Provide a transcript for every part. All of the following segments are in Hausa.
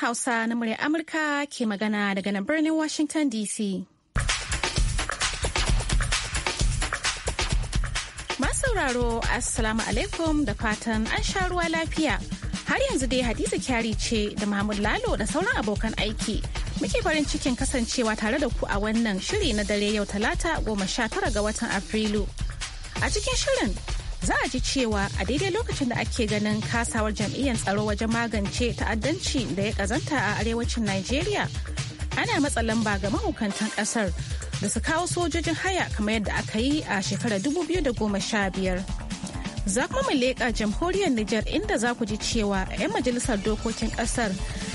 Hausa na murya Amurka ke magana daga nan birnin Washington DC. sauraro Assalamu alaikum da fatan an sha ruwa lafiya. Har yanzu dai Hadiza Kyari ce da Mahmud Lalo da sauran abokan aiki. Muke farin cikin kasancewa tare da ku a wannan shiri na dare yau talata goma sha tara ga watan Afrilu. A cikin shirin za a ji cewa a daidai lokacin da ake ganin kasawar jam'iyyar tsaro wajen magance ta'addanci da ya kazanta a arewacin Najeriya. Ana matsa lamba ga mahukantan kasar da su kawo sojojin haya kamar yadda aka yi a shekarar 2015. Za kuma mu leƙa jamhuriyar Nijar inda za ku ji cewa 'yan majalisar dokokin ƙasar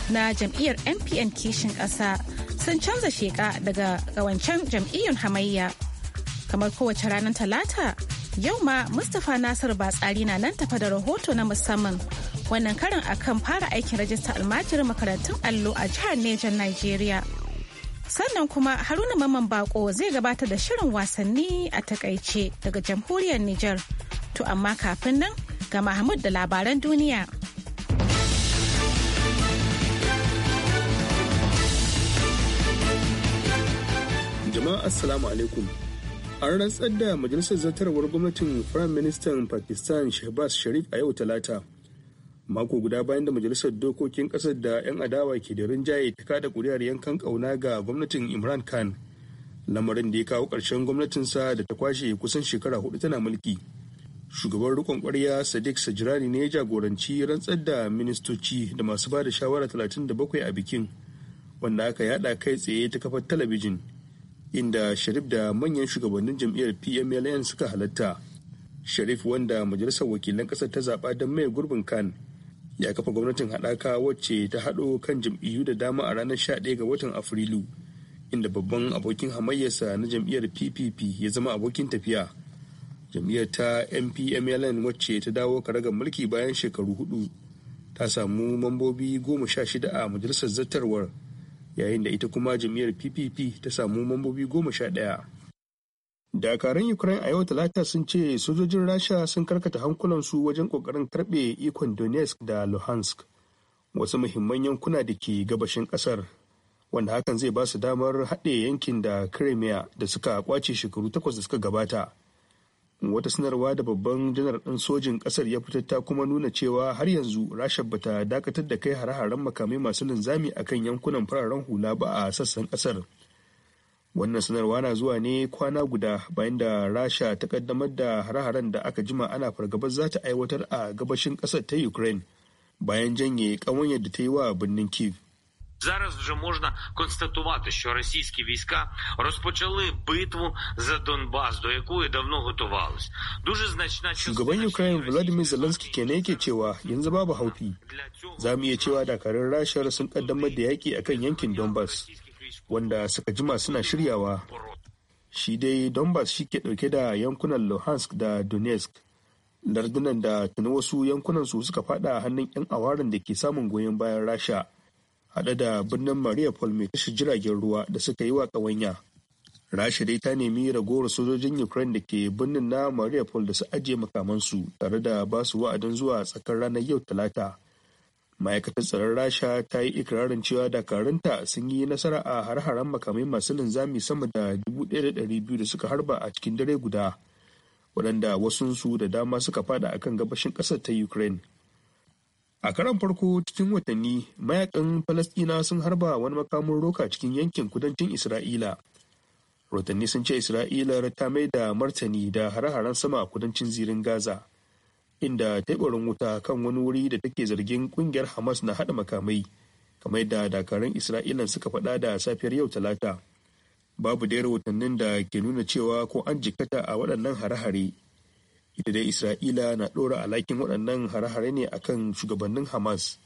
na jam'iyyar NPN kishin ƙasa sun canza sheka daga wancan jam'iyyar hamayya. Kamar kowace ranar Talata Yau ma Mustapha Nasir Batsari na nan tafa da rahoto na musamman wannan karin akan fara aikin rajista almajirin makarantun allo a jihar Nejan Najeriya. Sannan kuma Haruna Maman Bako zai gabata da shirin wasanni a takaice daga jamhuriyar Nijar. To amma kafin nan ga Mahmud da labaran duniya. Jama'a Assalamu alaikum. an rantsar da majalisar zartarwar gwamnatin firayim ministan pakistan shahbaz sharif a yau talata mako guda bayan da majalisar dokokin kasar da 'yan adawa ke da rinjaye ta kada kuri'ar yankan kauna ga gwamnatin imran khan lamarin da ya kawo ƙarshen gwamnatinsa da ta kwashe kusan shekara hudu tana mulki shugaban rikon kwarya sadiq sajirani ne ya jagoranci rantsar da ministoci da masu ba da shawara 37 a bikin wanda aka yada kai tsaye ta kafar talabijin inda sharif da manyan shugabannin jam'iyyar pmln suka halatta sharif wanda majalisar wakilan ƙasar ta zaɓa don mai gurbin kan ya kafa gwamnatin haɗaka wacce ta haɗo kan jam'iyyu da dama a ranar 11 ga watan afrilu inda babban abokin hamayyarsa na jam'iyyar ppp ya zama abokin tafiya jam'iyyar ta mpmln wacce ta dawo karagar mulki bayan shekaru hudu ta samu mambobi goma sha shida a majalisar zartarwar yayin da ita kuma jam'iyyar ppp ta samu mambobi goma sha ɗaya dakarun ukraine a yau talata sun ce sojojin rasha sun karkata hankulansu wajen kokarin karbe ikon donetsk da luhansk wasu muhimman yankuna da ke gabashin ƙasar wanda hakan zai ba su damar haɗe yankin da crimea da suka kwace shekaru takwas da suka gabata wata sanarwa da babban janar ɗin sojin ƙasar ya fitar ta kuma nuna cewa har yanzu rasha bata dakatar da kai hare-haren makamai masu linzami a kan yankunan fararen hula ba a sassan ƙasar wannan sanarwa na zuwa ne kwana guda bayan da rasha ta kaddamar da hare-haren da aka jima ana fargabar za ta aiwatar a gabashin ƙasar ta ukraine bayan janye ƙawanyar da ta yi wa birnin kiev Зараз вже можна констатувати, що російські війська розпочали битву за Донбас, до якої давно готувались. Дуже значна Shugaban Ukraine Володимир Зеленський Кене yake cewa yanzu babu haufi. Za mu iya cewa dakarun Rasha sun kaddamar da yaki akan yankin Donbas, wanda suka jima suna shiryawa. Shi dai Donbas shi ke ɗauke da yankunan Luhansk da Donetsk, lardunan da tuni wasu yankunan su suka fada hannun 'yan awarin da ke samun goyon bayan Rasha. haɗe da birnin mariupol mai kashe jiragen ruwa da suka yi wa ƙawanya rasha dai ta nemi ragowar sojojin ukraine da ke birnin na maria Paul da su ajiye makamansu tare da ba su wa'adin zuwa tsakar ranar yau talata ma'aikatar tsaron rasha ta yi ikirarin cewa dakarunta sun yi nasara a har-haren makamai masu linzami sama da 1,200 da suka harba a cikin dare guda waɗanda wasunsu da dama suka fada akan gabashin ƙasar ta ukraine a karan farko cikin watanni mayakan Falasɗina sun harba wani makamin roka cikin yankin kudancin isra'ila rotanni sun ce isra'ila ta mai da martani da hare-haren sama a kudancin zirin gaza inda ta wuta kan wani wuri da take zargin ƙungiyar hamas na haɗa makamai kamar da dakarun isra'ila suka faɗa da safiyar yau talata babu dai rahotannin da ke nuna cewa ko an jikata a waɗannan hare-hare ita dai isra'ila na ɗora alakin waɗannan hare-hare ne akan shugabannin hamas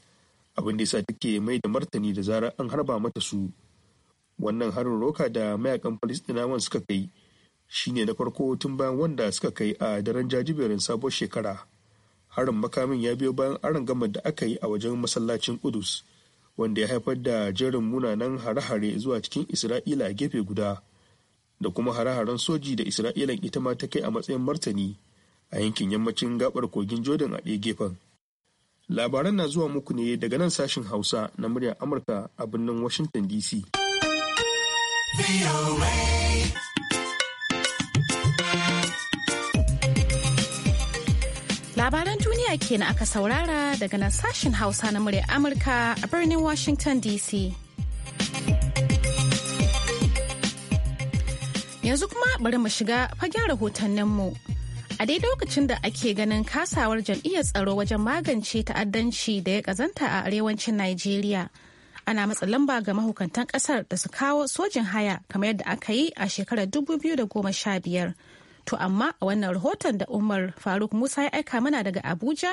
abin da yasa take mai da martani da zarar an harba mata su wannan harin roka da mayakan falistinawan suka kai shine na farko tun bayan wanda suka kai a daren jajiberin sabuwar shekara harin makamin ya biyo bayan aron gama da aka yi a wajen masallacin kudus wanda ya haifar da jerin munanan hare-hare zuwa cikin isra'ila gefe guda da kuma hare-haren soji da isra'ilan ita ma ta kai a matsayin martani a yankin yammacin gabar kogin jordan a ɗaya gefen labaran na zuwa muku ne daga nan sashin hausa na muryar amurka a birnin washington dc labaran duniya ke kenan aka saurara daga nan sashin hausa na muryar amurka a birnin washington dc yanzu kuma bari mu shiga fagen rahotanninmu. a dai lokacin da ake ganin kasawar jam'iyyar tsaro wajen magance ta'addanci da ya kazanta a arewacin Najeriya. Ana matsa lamba ga mahukantan kasar da su kawo sojin haya kamar yadda aka yi a shekarar 2015. To amma a wannan rahoton da Umar Faruk Musa ya aika mana daga Abuja,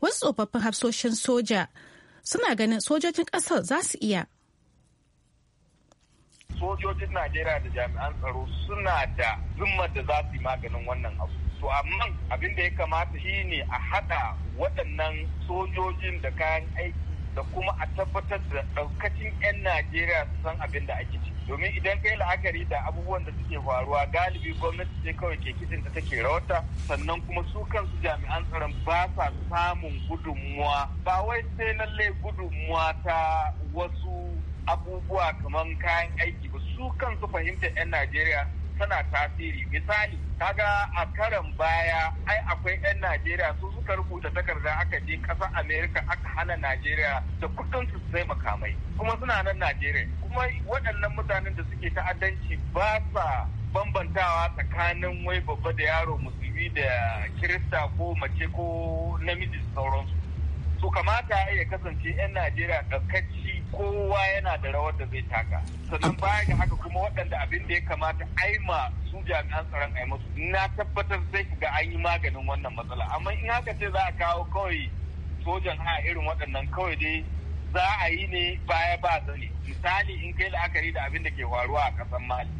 wasu tsofaffin hafsoshin soja suna ganin sojojin kasar za su iya. Sojojin Najeriya da jami'an tsaro suna da zimmar da za su yi maganin wannan abu. to amma abin da ya kamata shi ne a haɗa waɗannan sojojin da kayan aiki da kuma a tabbatar da ɗaukacin 'yan Najeriya su san abin da ake ciki. Domin idan kai la'akari da abubuwan da suke faruwa galibi gwamnati ce kawai ke kitin da take rawata sannan kuma su kansu jami'an tsaron ba sa samun gudunmuwa ba wai sai lallai gudunmuwa ta wasu abubuwa kamar kayan aiki ba su kansu fahimtar 'yan Najeriya tana tasiri misali kaga a karan baya ai akwai 'yan najeriya su suka rubuta takarda aka je ƙasar amerika aka hana najeriya da kudin su sai makamai kuma suna nan najeriya kuma waɗannan mutanen da suke ta'addanci ba sa bambantawa tsakanin wai babba da yaro musulmi da kirista ko mace ko namiji sauransu su kamata ya kasance 'yan najeriya ɗaukacci kowa yana da rawar da zai taka sannan baya ga haka kuma waɗanda abin da ya kamata aima su jami'an tsaron ai musu na tabbatar sai ga an yi maganin wannan matsala amma in haka ce za a kawo kawai sojan ha irin waɗannan kawai dai za a yi ne baya ba zane misali in kai la'akari da abin da ke faruwa a ƙasar mali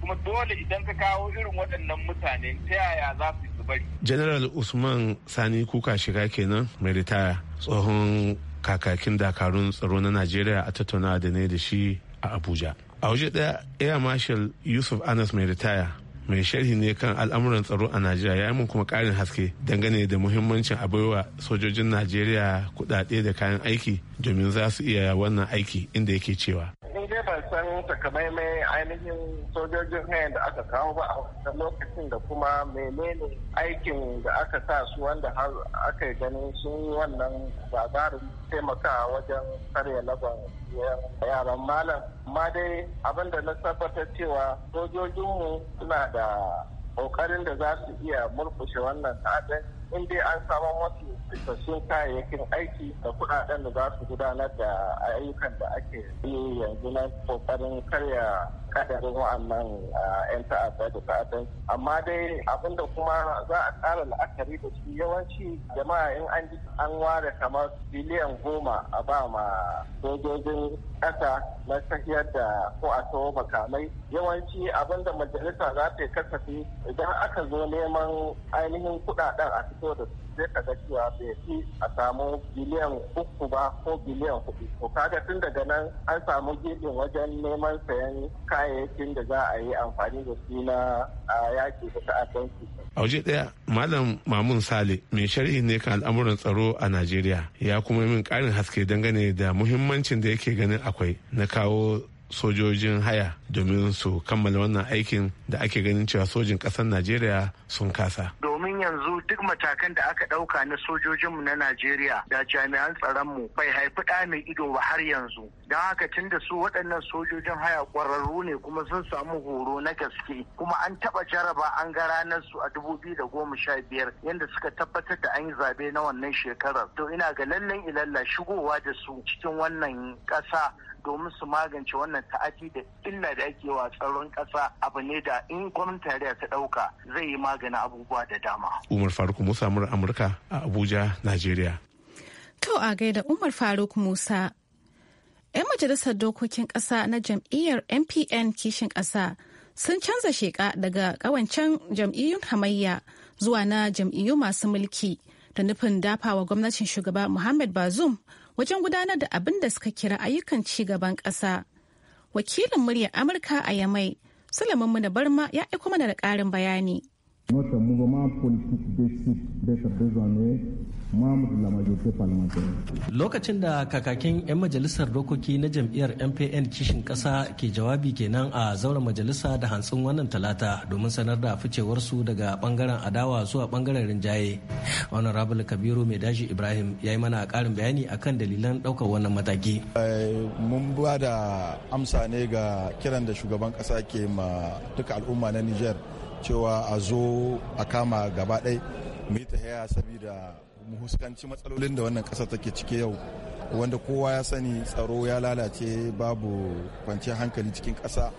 kuma dole idan ka kawo irin waɗannan mutane ta yaya za su yi su bari general usman sani kuka shiga kenan mai ritaya tsohon kakakin dakarun tsaro na najeriya a tattauna da ne da shi a abuja a waje ɗaya air marshal yusuf anas mai ritaya mai sharhi ne kan al'amuran tsaro a najeriya ya yi mun kuma ƙarin haske dangane da muhimmancin a baiwa sojojin najeriya kuɗaɗe da kayan aiki domin za su iya wannan aiki inda yake cewa dai ban san takamaimai ainihin sojojin haya da aka kawo ba a lokacin da kuma menene aikin da aka sa su wanda har aka yi ganin sun yi wannan labarin taimakawa wajen karya laban yaran malam amma dai abin da na tabbatar cewa sojojinmu suna da ƙoƙarin da za su iya murkushe wannan ta'addanci in dai an samar masu isassun kayayyakin aiki da kudaden da za su gudanar da ayyukan da ake yi yanzu na kokarin karya kadarin wa'annan 'yan ta'adda da ta'addan amma dai abinda kuma za a ƙara la'akari da shi yawanci jama'a in an ji an ware kamar biliyan goma a ba ma sojojin ƙasa na tafiyar da ko a tawo makamai yawanci abin da majalisa za ta yi kasafi idan aka zo neman ainihin kuɗaɗen a fito da su sai ka ga cewa bai fi a samu biliyan uku ba ko biliyan hudu to kaga tun daga nan an samu gidin wajen neman sayan kayayyakin da za a yi amfani da su na yaki da ta'addanci a waje daya malam mamun sale mai sharhi ne kan al'amuran tsaro a najeriya ya kuma min karin haske dangane da muhimmancin da yake ganin akwai na kawo sojojin haya domin su kammala wannan aikin da ake ganin cewa sojin ƙasar najeriya sun kasa yanzu duk matakan da aka ɗauka na sojojinmu na Najeriya da jami'an tsaronmu bai haifi ɗa mai ido ba har yanzu. Don haka tun da su waɗannan sojojin haya ƙwararru ne kuma sun samu horo na gaske kuma an taɓa jaraba an ga ranar su a dubu biyu da goma sha biyar yadda suka tabbatar da an yi zaɓe na wannan shekarar. To ina ga lallan ilalla shigowa da su cikin wannan ƙasa domin su magance wannan ta'adi da illa da ake wa tsaron ƙasa abu ne da in gwamnati ta ɗauka zai yi magana abubuwa da dama. Umar Faruk Musa Amurka a Abuja, Najeriya. To a gaida Umar Faruk Musa. 'Yan majalisar dokokin ƙasa na jam'iyyar MPN kishin ƙasa sun canza sheƙa daga ƙawancen jam'iyyun hamayya zuwa na jam'iyyu masu mulki da nufin dafawa gwamnatin shugaba Muhammad Bazoum wajen gudanar da abin da suka kira ayyukan ci gaban ƙasa. Wakilin muryar Amurka a Yamai, Sulaiman Muna Barma ya aiko mana da ƙarin bayani. Notre mouvement politique décide d'être désormais membre de la majorité parlementaire. Lokacin da kakakin 'yan majalisar dokoki na jam'iyyar MPN kishin ƙasa ke jawabi kenan a zauren majalisa da hantsin wannan talata domin sanar da ficewarsu daga bangaren adawa zuwa bangaren rinjaye. Honorable Kabiru mai daji Ibrahim ya yi mana karin bayani akan dalilan ɗaukar wannan mataki. Eh, mun ba da amsa ne ga kiran da shugaban ƙasa ke ma duka al'umma na Nijar. cewa a zo a kama gaba ɗai mu yi tahaya saboda mu huskanci matsalolin da wannan ƙasa take cike yau wanda kowa ya sani tsaro ya lalace babu kwanciyar hankali cikin ƙasa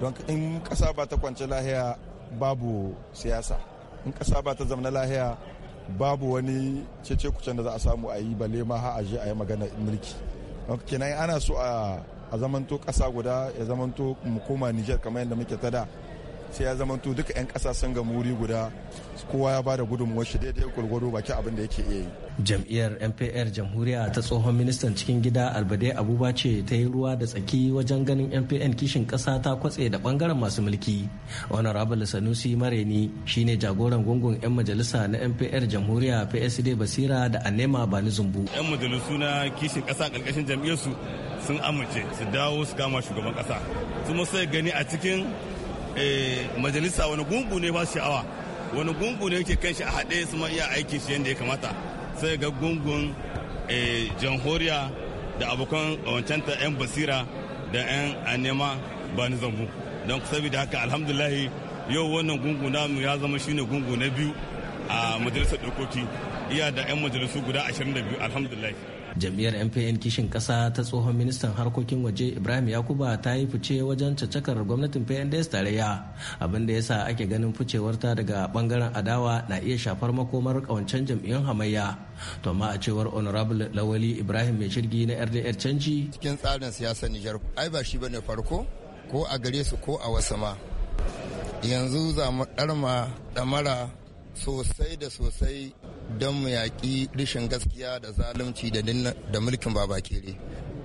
don in ƙasa ba ta kwanci lahiya babu siyasa in ƙasa ba ta zamana lahiya babu wani cece kucen da za a samu a yi balle ma har a je a yi magana mulki kenan ana so a zamanto ƙasa guda ya zamanto mu koma nijar kamar yadda muke ta da sai ya zama to duka 'yan ƙasa sun ga muri guda kowa ya bada gudunmuwar shi daidai gwargwado baki abin da yake iya yi. Jam'iyyar NPR jamhuriya ta tsohon ministan cikin gida Albade Abuba ce ta yi ruwa da tsaki wajen ganin NPN kishin kasa ta kwatse da bangaren masu mulki. Honorable Sanusi Mareni shine jagoran gungun 'yan majalisa na NPR jamhuriya PSD Basira da Anema Bani Zumbu. 'Yan majalisu na kishin ƙasa ƙarƙashin jam'iyyarsu sun amince su dawo su kama shugaban ƙasa. Kuma sai gani a cikin Eh, majalisa wani gungu ne ba sha'awa wani gungu ne yake kan shi a haɗe su ma iya aiki shi yadda ya kamata sai ga gungun eh, jamhuriya da abokan wancanta 'yan basira da 'yan anema ba ni zambu don saboda haka alhamdulahi yau wannan gungu mu ya zama shine gungu na biyu a majalisar dokoki iya da 'yan majalisu guda 22 alhamdulahi jam'iyyar mpn kishin kasa ta tsohon ministan harkokin waje ibrahim yakuba ta yi fice wajen cacakar gwamnatin pnds tarayya abin da sa ake ganin ficewarta daga bangaren adawa na iya shafar makomar kawancen jam'iyyun hamayya to ma a cewar honorable lawali ibrahim mai shirgi na rdr canji cikin tsarin siyasar nijar ai ba shi bane farko ko a gare su ko a wasu ma yanzu za mu ɗarma ɗamara sosai da sosai don mu yaƙi rishin gaskiya da zalunci da mulkin babakere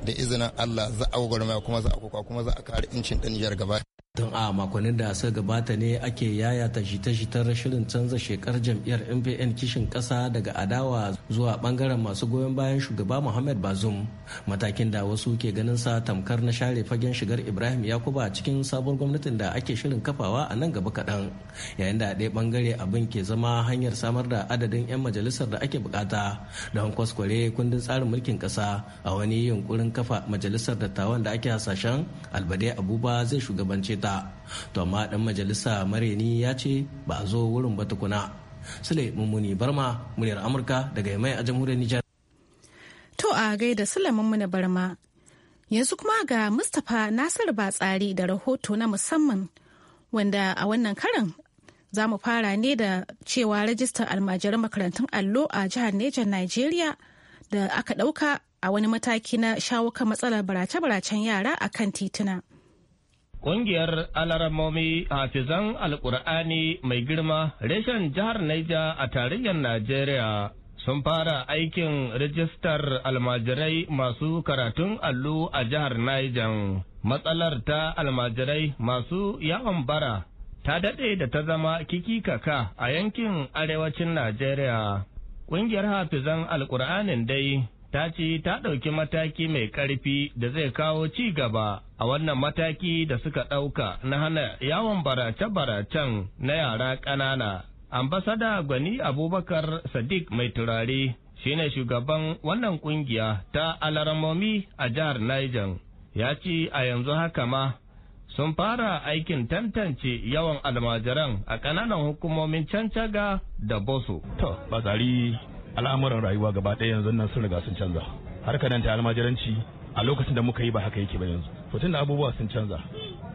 da izinin Allah za a gwagwarmaya kuma za a kuka kuma za a kare incin ɗan jihar gaba. tun a makonin da suka gabata ne ake yaya ta shita-shitar shirin canza shekar jam'iyyar mpn kishin kasa daga adawa zuwa bangaren masu goyon bayan shugaba muhammad bazum matakin da wasu ke ganin sa tamkar na share fagen shigar ibrahim yakuba cikin sabon gwamnatin da ake shirin kafawa a nan gaba kaɗan yayin da ɗaya bangare abin ke zama hanyar samar da adadin 'yan majalisar da ake bukata don kwaskware kundin tsarin mulkin kasa a wani yunkurin kafa majalisar dattawan da ake hasashen albade abuba zai shugabance ita to amma dan majalisa mareni ya ce ba a zo wurin ba tukuna sule mummuni barma muryar amurka daga mai a jamhuriyar nijar to a gaida sule mummuni barma yanzu kuma ga mustapha nasir batsari da rahoto na musamman wanda a wannan karan za mu fara ne da cewa rajistar almajiran makarantun allo a jihar Nejan Najeriya da aka ɗauka a wani mataki na shawo kan matsalar barace-baracen yara a kan tituna. Ƙungiyar alaramomi hafizan Alƙur'ani mai girma reshen jihar Naija a tarayyar Najeriya sun fara aikin rijistar almajirai masu karatun allo a jihar Naija. Matsalar ta almajirai masu yawan bara ta daɗe da ta zama kiki a yankin arewacin Najeriya. Ƙungiyar hafizan Alƙur'anin dai ta ce ta ɗauki mataki mai ƙarfi da zai kawo ci gaba a wannan mataki da suka ɗauka na hana yawon barace-baracen na yara ƙanana. Ambasada Gwani Abubakar Sadiq mai turare shi ne shugaban wannan ƙungiya ta alaramomi a jihar Niger. Ya ce a yanzu haka ma sun fara aikin tantance yawan almajiran a ƙananan hukumomin cancaga da boso. To, bazari al'amuran rayuwa gaba ɗaya yanzu nan sun riga sun canza harka nan ta almajiranci a lokacin da muka yi ba haka yake ba yanzu to tunda abubuwa sun canza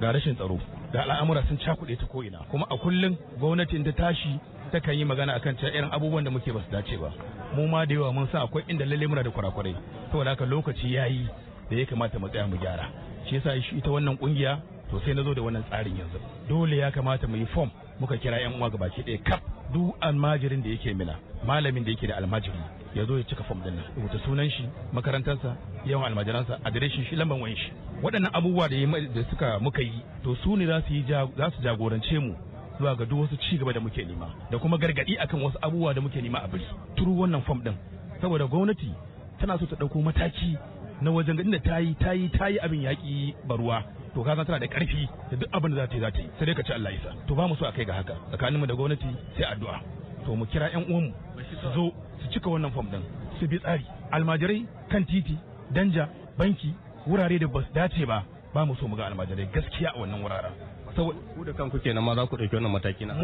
ga rashin tsaro da al'amura sun cakuɗe ta ko ina kuma a kullum gwamnatin ta tashi ta kan yi magana akan cewa irin abubuwan da muke ba su dace ba mu ma da yawa mun sa akwai inda lalle muna da kurakurai saboda haka lokaci yayi da ya kamata mu tsaya mu gyara shi yasa ita wannan kungiya to sai na zo da wannan tsarin yanzu dole ya kamata mu yi form muka kira yan uwa gabaki ɗaya kaf duk almajirin da yake mina malamin da yake da almajiri ya zo ya cika fom din nan rubuta sunan shi makarantarsa yawan almajiransa adireshin shi lamban wayan shi waɗannan abubuwa da da suka muka yi to su ne za su yi za su jagorance mu zuwa ga duk wasu ci gaba da muke nema da kuma gargaɗi akan wasu abubuwa da muke nema a bari turu wannan fom din saboda gwamnati tana so ta ɗauko mataki na wajen ganin ta yi ta yi ta yi abin yaƙi baruwa to ka tana da karfi da duk abin da za ta yi za ta yi sai dai ka ci Allah isa to ba mu so a kai ga haka tsakaninmu da gwamnati sai addu'a to mu kira yan uwanmu su zo su cika wannan fom din su bi tsari almajirai kan titi danja banki wurare da ba su dace ba ba mu so mu ga almajirai gaskiya a wannan wuraren ku da kanku kenan ma za ku ɗauki wannan mataki na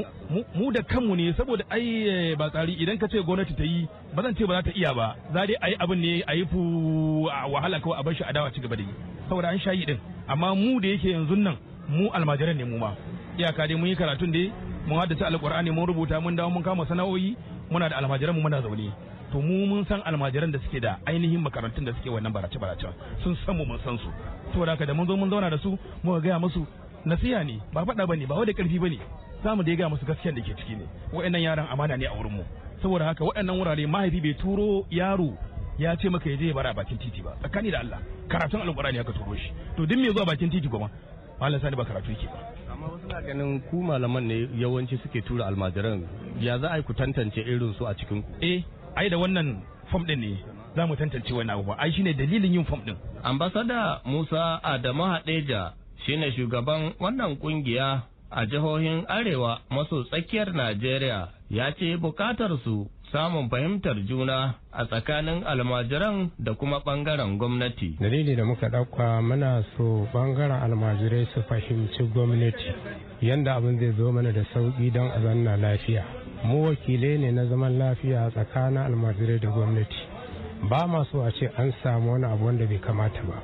mu da kanmu ne saboda ai eh, ba tsari idan ka ce gwamnati ta yi ba zan ce ba za ta iya ba za dai ayi abin ne ayi fu wahala kawai a bar shi a ci gaba da yi saboda an shayi din amma mu da yake yanzu nan mu almajiran ne mu ma iyaka dai mun yi karatun dai mun haddace alkur'ani mun rubuta mun dawo mun kama sana'o'i muna da almajiran mu muna zaune to mu mun san almajiran da suke da ainihin makarantun da suke wannan barace barace sun san mu mun san su saboda haka da mun zo mun zauna da su muka gaya musu nasiha ne ba faɗa ba ne ba ƙarfi ba ne za mu dai ga musu gaskiyar da ke ciki ne waɗannan yaran amana ne a wurin mu saboda haka waɗannan wurare mahaifi bai turo yaro ya ce maka ya je ya bara bakin titi ba tsakani da Allah karatun alƙur'ani aka turo shi to duk me zuwa bakin titi goma malam sani ba karatu yake ba amma wasu na ganin ku malaman ne yawanci suke tura almajiran ya za a yi ku tantance irin su a cikin ku eh ai da wannan fom din ne za mu tantance wannan abu ai shine dalilin yin fom din ambasada Musa Adamu Hadeja Shi ne shugaban wannan kungiya a jihohin arewa maso tsakiyar Najeriya ya ce bukatar su samun fahimtar juna a tsakanin almajiran da kuma bangaren gwamnati. Dalili da muka ɗauka muna so bangaren almajirai su fahimci gwamnati yadda abin zai zo mana da sauƙi don a zanna lafiya. Mu wakilai ne na zaman lafiya tsakanin almajirai da gwamnati. Ba masu a ce an samu wani abu wanda bai kamata ba.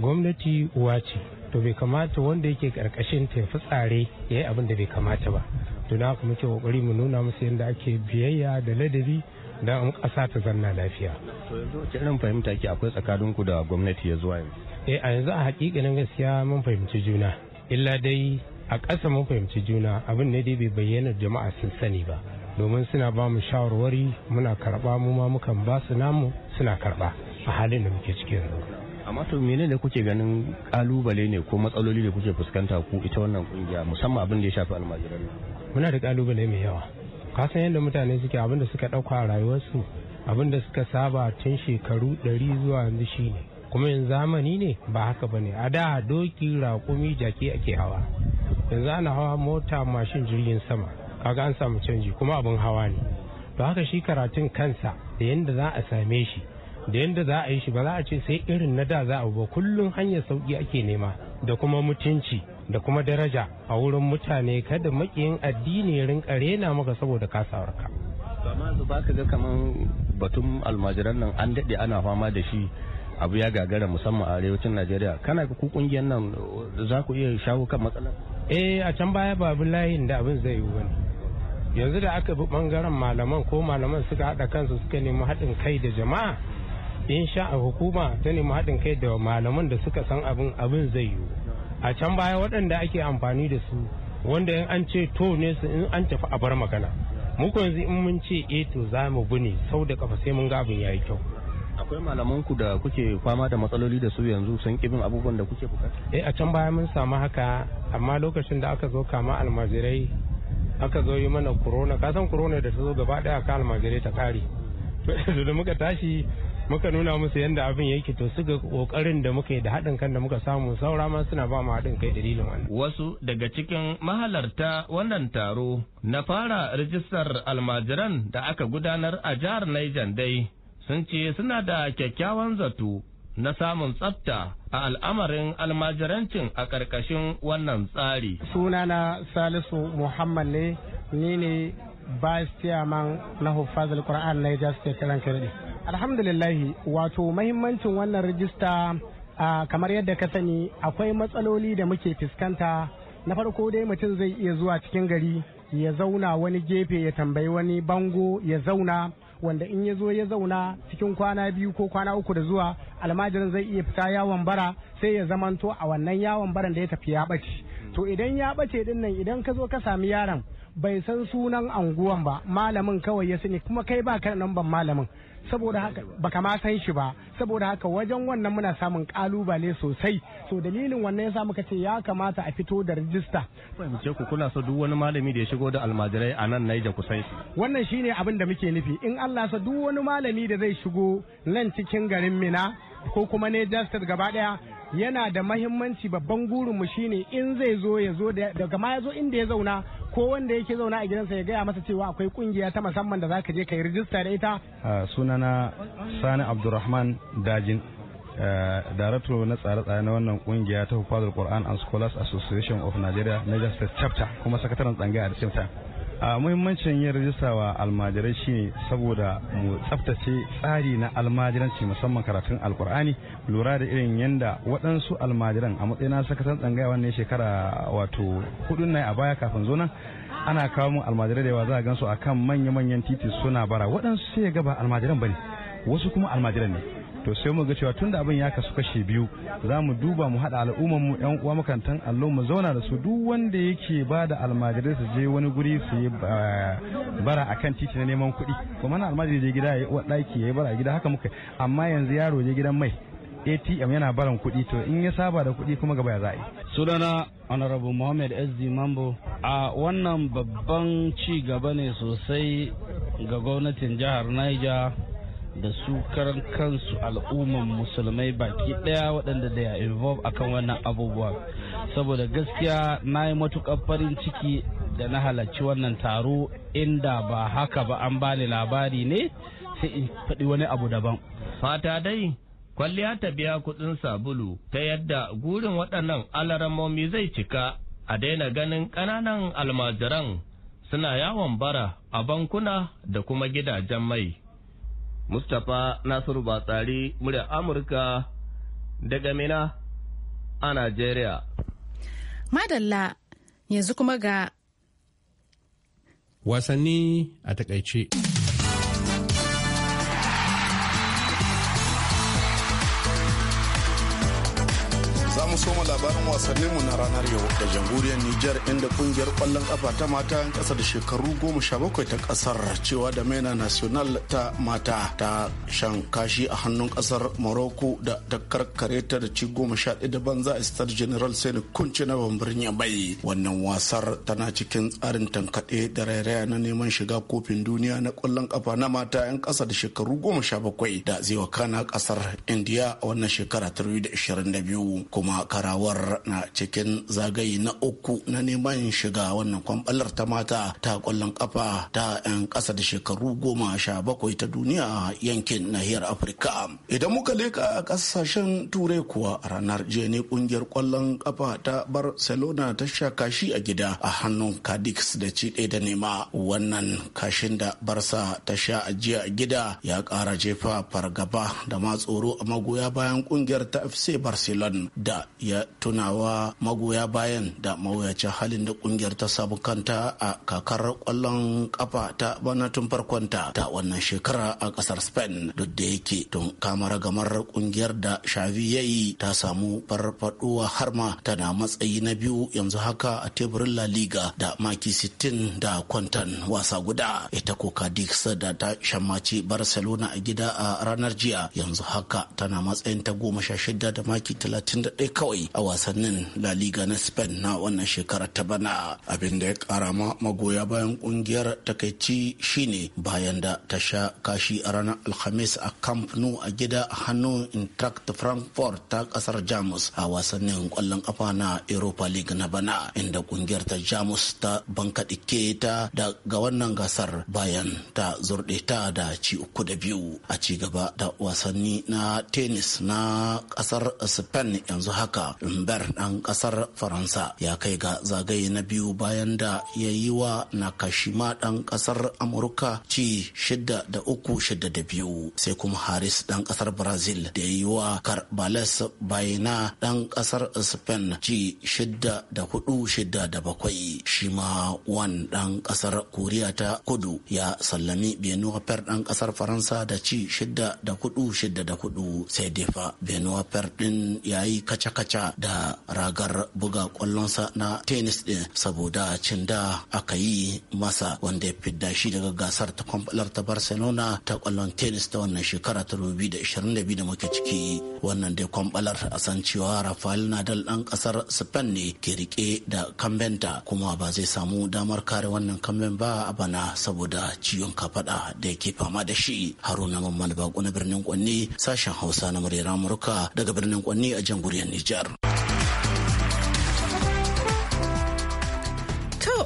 Gwamnati uwa ce, to bai kamata wanda yake karkashin ta tsare ya yi abin da bai kamata ba don haka muke kokari mu nuna musu yadda ake biyayya da ladabi don kasa ta zanna lafiya. To yanzu wace irin fahimta ke akwai ku da gwamnati ya zuwa yanzu? Eh a yanzu a hakikanin gaskiya mun fahimci juna. Illa dai a ƙasa mun fahimci juna abin ne dai bai bayyana jama'a sun sani ba. Domin suna ba mu shawarwari muna karɓa mu ma mukan ba su namu suna karɓa a halin da muke cikin yanzu. amma to menene da kuke ganin kalubale ne ko matsaloli da kuke fuskanta ku ita wannan kungiya musamman abin da ya shafi almajiran muna da kalubale mai yawa kasan yadda mutane suke abin da suka dauka rayuwarsu abin da suka saba tun shekaru ɗari zuwa yanzu shine kuma yanzu zamani ne ba haka bane a da doki raƙumi jaki ake hawa yanzu ana hawa mota mashin jirgin sama kaga an samu canji kuma abin hawa ne to haka shi karatun kansa da yadda za a same shi da yadda za a yi shi ba za a ce sai irin na da za a ba kullum hanyar sauki ake nema da kuma mutunci da kuma daraja a wurin mutane kada makiyin addini rinka rena maka saboda kasawarka amma su baka ga kaman batun almajiran nan an daɗe ana fama da shi abu ya gagara musamman a arewacin najeriya kana ku kungiyar nan za ku iya shawo kan matsalar eh a can baya babu layin da abin zai yi wani yanzu da aka bi bangaren malaman ko malaman suka haɗa kansu suka nemi haɗin kai da jama'a sha a hukuma ta nemi haɗin kai da malaman da suka san abin abin zai yiwu a can baya waɗanda ake amfani da su wanda in an ce to ne su in an tafi a bar magana mu yanzu in mun ce eh to za mu bi ne sau da kafa sai mun ga abin yayi kyau akwai malaman ku da kuke fama da matsaloli da su yanzu sun kibin abubuwan da kuke bukata eh a can baya mun samu haka amma lokacin da aka zo kama almajirai aka zo yi mana corona ka san corona da ta zo gaba daya ka almajirai ta kare to da muka tashi muka nuna musu yadda abin yake to suka kokarin da muka yi da haɗin kan da muka samu saura ma suna ba mu haɗin kai dalilin wannan wasu daga cikin mahalarta wannan taro na fara rijistar almajiran da aka gudanar a jihar Niger dai sun ce suna da kyakkyawan zato na samun tsafta a al'amarin almajirancin a ƙarƙashin wannan tsari. Sunana Salisu Muhammad ne, ni ne Vice Chairman na Hufazil Qur'an Niger State Rankin alhamdulillahi wato mahimmancin wannan rijista kamar yadda ka sani akwai matsaloli da muke fuskanta na farko dai mutum zai iya zuwa cikin gari ya zauna wani gefe ya tambayi wani bango ya zauna wanda in ya zo ya zauna cikin kwana biyu ko kwana uku da zuwa almajirin zai iya fita yawon bara sai ya zamanto a wannan yawon baran da ya tafi ya bace to idan ya ɓace din idan ka zo ka sami yaron bai san sunan anguwan ba malamin kawai ya sani kuma kai ba ka namban malamin saboda haka baka ma san shi ba saboda haka wajen wannan muna samun kalubale sosai so dalilin wannan ya samu kace ya kamata a fito da rijista fahimce ku kuna so duk wani malami da ya shigo da almajirai a nan Niger ku san shi wannan shine abin da muke nufi in Allah sa duk wani malami da zai shigo nan cikin garin Mina ko kuma ne Jastar gaba daya yana da mahimmanci babban gurinmu shine in zai zo ya zo daga ma ya zo inda ya zauna ko wanda yake zauna a gidansa ya gaya masa cewa akwai kungiya ta musamman da zaka je ka yi rijista da ita sunana sani abdulrahman dajin director na tsare-tsare na wannan kungiya ta hukumar Quran and Scholars Association of Nigeria Niger State Chapter kuma sakataren tsangaya da same a muhimmancin yin rajista wa almajirai shine saboda mu tsaftace tsari na almajiranci musamman karatun alkur'ani lura da irin yanda waɗansu almajiran a matsayin na sakatan tsangaya wannan shekara wato hudun na a baya kafin zo nan ana kawo mu almajirai da yawa za a gansu akan manya-manyan titi suna bara waɗansu sai ya gaba almajiran ne wasu kuma almajiran ne to sai mu ga cewa tun da abin ya kasu kashe biyu za mu duba mu haɗa al'umman mu yan uwa makantan allo mu zauna da su duk wanda yake ba da almajirai su je wani guri su yi eh, bara akan titi na neman kuɗi kuma na almajirai je gida ya ɗaki ya yi bara gida haka muka amma yanzu yaro je gidan mai atm yana baran kuɗi to in ya saba da kuɗi kuma gaba ya za'a sunana honorable mohammed sd mambo a wannan babban ci gaba ne sosai ga gwamnatin jihar niger da su karan kansu al'umman musulmai baki daya waɗanda da involve akan wannan abubuwa saboda gaskiya na yi matukar farin ciki da na halarci wannan taro inda ba haka ba an bani labari ne sai in faɗi wani abu daban fata dai kwalliya ta biya kuɗin sabulu ta yadda gurin waɗannan alaramomi zai cika a daina ganin ƙananan almajiran suna yawon bara a bankuna da kuma gidajen mai Mustapha Nasiru Batsari murya Amurka daga Mina a Najeriya. Madalla yanzu kuma ga wasanni a takaice. Za mu so labarin wasanninmu na ranar yau da jamhuriyar Nijar inda kungiyar kwallon kafa ta mata yan kasa da shekaru goma sha bakwai ta kasar cewa da mena national ta mata ta shan kashi a hannun kasar Morocco da ta karkare ta da ci goma sha da banza a star general Sani kunce na bambirin bai wannan wasar tana cikin tsarin tankaɗe da rairaya na neman shiga kofin duniya na kwallon kafa na mata yan kasa da shekaru goma sha bakwai da zai wakana kasar India a wannan shekara ta 2022 kuma kara karawar na cikin zagaye na uku na neman shiga wannan kwambalar ta mata ta ƙwallon kafa ta 'yan ƙasa da shekaru goma sha bakwai ta duniya yankin nahiyar afirka idan muka leka ƙasashen turai kuwa ranar jiya ne ƙungiyar kwallon kafa ta barcelona ta sha kashi a gida a hannun cadix da ci da nema wannan kashin da barsa ta sha a jiya a gida ya ƙara jefa fargaba da ma tsoro a magoya bayan ƙungiyar ta fc barcelona da ya tunawa magoya bayan da mawuyacin halin da kungiyar ta samu kanta a kakar kwallon kafa ta bana tun farkonta ta wannan shekara a kasar spain duk da yake tun kama ragamar kungiyar da shavi ya yi ta samu farfaduwa har ma tana matsayi na biyu yanzu haka a teburin la liga da maki 60 da kwantan wasa guda ita ko cadix da ta shammaci barcelona a gida a ranar jiya yanzu haka tana matsayin ta goma sha shida da maki 31 kawai a wasannin La Liga na Spain na wannan shekarar ta bana. Abin da ya kara ma magoya bayan kungiyar takaici shine bayan da ta sha kashi a ranar Alhamis a Camp Nou a gida in Intact Frankfurt ta kasar Jamus a wasannin kwallon kafa na Europa League na bana inda kungiyar ta Jamus ta bankaɗike ta daga wannan gasar bayan ta zurde ta da ci uku da biyu a ci gaba da wasanni na tennis na kasar Spain yanzu haka Humbert ɗan ƙasar Faransa ya kai ga zagaye na biyu bayan da ya yi wa Nakashima ɗan ƙasar Amurka ci shida da uku shida da biyu sai kuma Haris ɗan ƙasar Brazil da ya yi wa Carbales Baina ɗan ƙasar Spain ci shida da hudu shida da bakwai shi wan ɗan ƙasar Koriya ta kudu ya sallami Benoit Per ɗan ƙasar Faransa da ci shida da hudu shida da hudu sai defa Benoit Per ɗin ya yi kaca-kaca da ragar buga sa na tenis din saboda cin da aka yi masa wanda ya fidda shi daga gasar ta kwamfalar ta barcelona ta kwallon tenis ta wannan shekara ta 2022 da muke ciki wannan dai kwamfalar a san cewa rafael nadal dan kasar spain ne ke rike da ta. kuma ba zai samu damar kare wannan kamben ba a bana saboda ciwon kafada da yake fama da shi haruna mamman bako na birnin kwanni sashen hausa na muryar amurka daga birnin kwanni a jamhuriyar nijar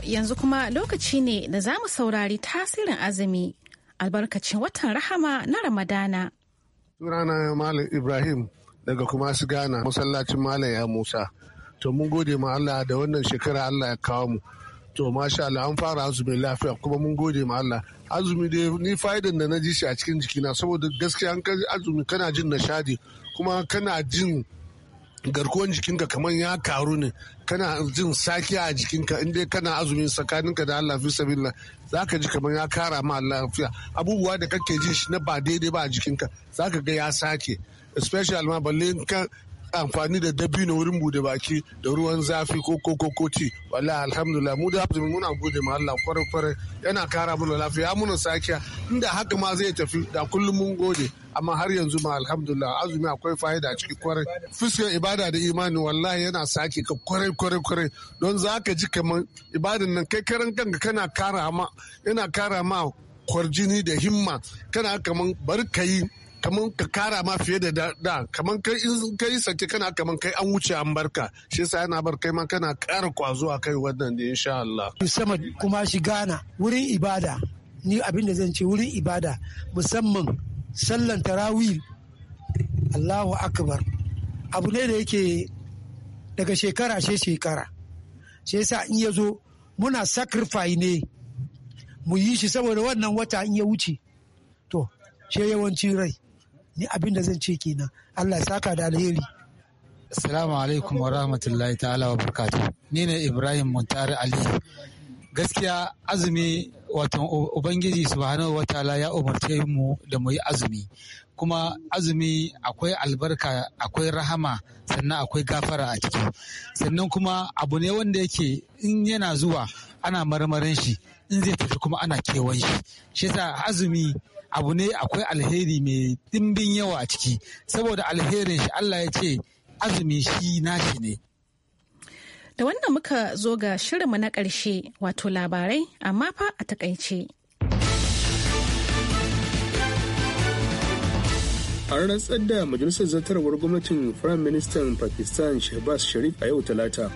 yanzu kuma lokaci ne da za mu saurari tasirin azumi albarkacin watan rahama na Ramadana. Sunana Malam Ibrahim daga kuma su gana masallacin Malam ya Musa. To mun gode ma Allah da wannan shekara Allah ya kawo mu. To masha Allah an fara azumi lafiya kuma mun gode ma Allah. Azumi dai ni fa'idan da na ji shi a cikin jikina saboda gaskiya an azumi kana jin nishadi kuma kana jin garkuwan jikinka kamar ya karu ne kana jin saki a jikinka in dai kana azumin tsakaninka da Allah fi sabilla ka ji kamar ya kara ma lafiya abubuwa da kake ji shi na ba daidai ba a jikinka za ka ga ya sake especially ma balle amfani da dabino wurin bude baki da ruwan zafi ko ko ko ko ti wala alhamdulillah mu da mu muna gode ma Allah kwarar kwarar yana kara mana lafiya muna sakiya inda haka ma zai tafi da kullum mun gode amma har yanzu ma alhamdulillah azumi akwai fa'ida ciki kwarai fuskar ibada da imani wallahi yana sake ka kwarai kwarai kwarai don za ka ji kamar ibadan nan kai karan kanka kana kara ma yana kara ma kwarjini da himma kana kamar bari ka yi kamar ka kara ma fiye da da kamar kai in kai sake kana kamar kai an wuce an barka shi yasa yana bar kai ma kana kara kwazo a kai wannan da insha Allah sama kuma shi Ghana wurin ibada ni abin da zan ce wurin ibada musamman sallan tarawih Allahu akbar abu ne da yake daga shekara she shekara shi yasa in ya zo muna sacrifice ne mu yi shi saboda wannan wata in ya wuce to she yawanci rai ni abin da zan ce kenan Allah ya saka da alheri Assalamu alaikum wa rahmatullahi ta'ala wa barkatu. Ni ne Ibrahim Muntari Ali. Gaskiya azumi wato Ubangiji subhanahu wa ta'ala ya umarce mu da mu yi azumi. Kuma azumi akwai albarka, akwai rahama, sannan akwai gafara a ciki. Sannan kuma abu ne wanda yake in yana zuwa ana marmarin shi, in zai tafi kuma ana kewan shi. Shi yasa azumi abu ne akwai alheri mai dimbin yawa a ciki saboda alherin shi Allah ya ce azumi shi nashi ne da wanda muka zo ga shirinmu na ƙarshe wato labarai amma fa a takaice an rantsar da majalisar zartarwar gwamnatin firayim ministan pakistan shehbaz sharif a yau talata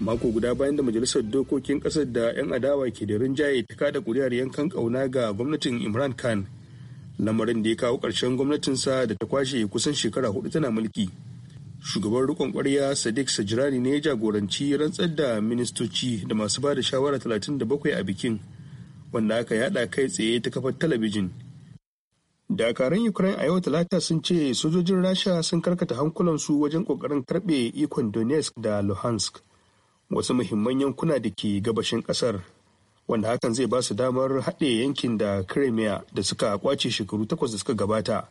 mako guda bayan da majalisar dokokin kasar da 'yan adawa ke da rinjaye ta kada kuri'ar yankan kauna ga gwamnatin imran khan lamarin da ya kawo ƙarshen gwamnatinsa da ta kwashe kusan shekara hudu tana mulki shugaban rikon kwarya sadiq sajirani ne ya jagoranci rantsar da ministoci da masu ba da shawara 37 a bikin wanda aka yada kai tsaye ta kafar talabijin dakarun ukraine a yau talata sun ce sojojin rasha sun karkata hankulansu wajen kokarin karbe ikon donetsk da luhansk wasu muhimman yankuna da ke gabashin kasar wanda hakan zai ba su damar haɗe yankin da crimea da suka kwace shekaru takwas da suka gabata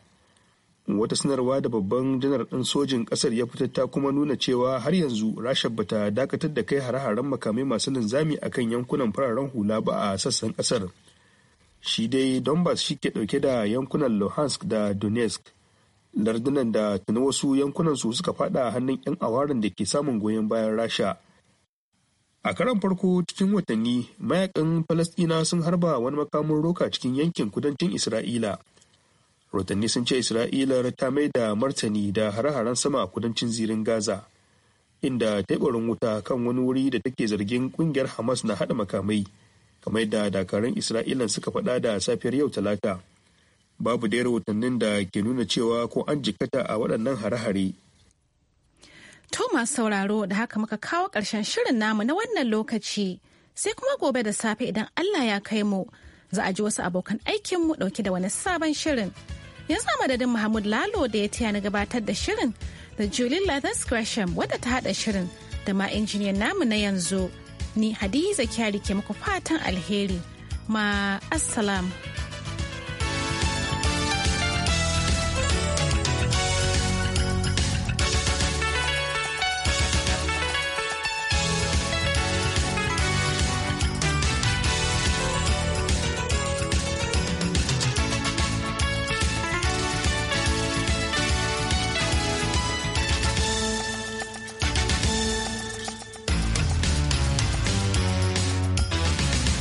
wata sanarwa da babban janar ɗin sojin ƙasar ya fitar ta kuma nuna cewa har yanzu rasha bata dakatar da kai hare-haren makamai masu linzami a kan yankunan fararen hula ba a sassan ƙasar shi dai donbass shi ke ɗauke da yankunan luhansk da donetsk lardunan da tuni wasu yankunan su suka fada hannun 'yan awarin da ke samun goyon bayan rasha a karan farko cikin watanni mayakan Falasɗina sun harba wani makamin roka cikin yankin kudancin isra'ila rotanni sun ce isra'ila ta mai da martani da hare-haren sama a kudancin zirin gaza inda taibarin wuta kan wani wuri da take zargin kungiyar hamas na haɗa makamai kamar da dakarun isra'ilan suka faɗa da safiyar yau talata babu dai rahotannin da ke nuna cewa ko an jikata a waɗannan hare-hare Thomas sauraro da haka muka kawo ƙarshen shirin namu na wannan lokaci sai kuma gobe da safe idan Allah ya kai mu za a ji wasu abokan aikinmu ɗauke da wani sabon shirin. Yanzu a madadin Muhammad Lalo da ya taya na gabatar da shirin da Julie Lathers Gresham wadda ta haɗa shirin da ma injiniyan namu na yanzu. Ni Hadiza Kyari ke muku fatan alheri. Ma assalam.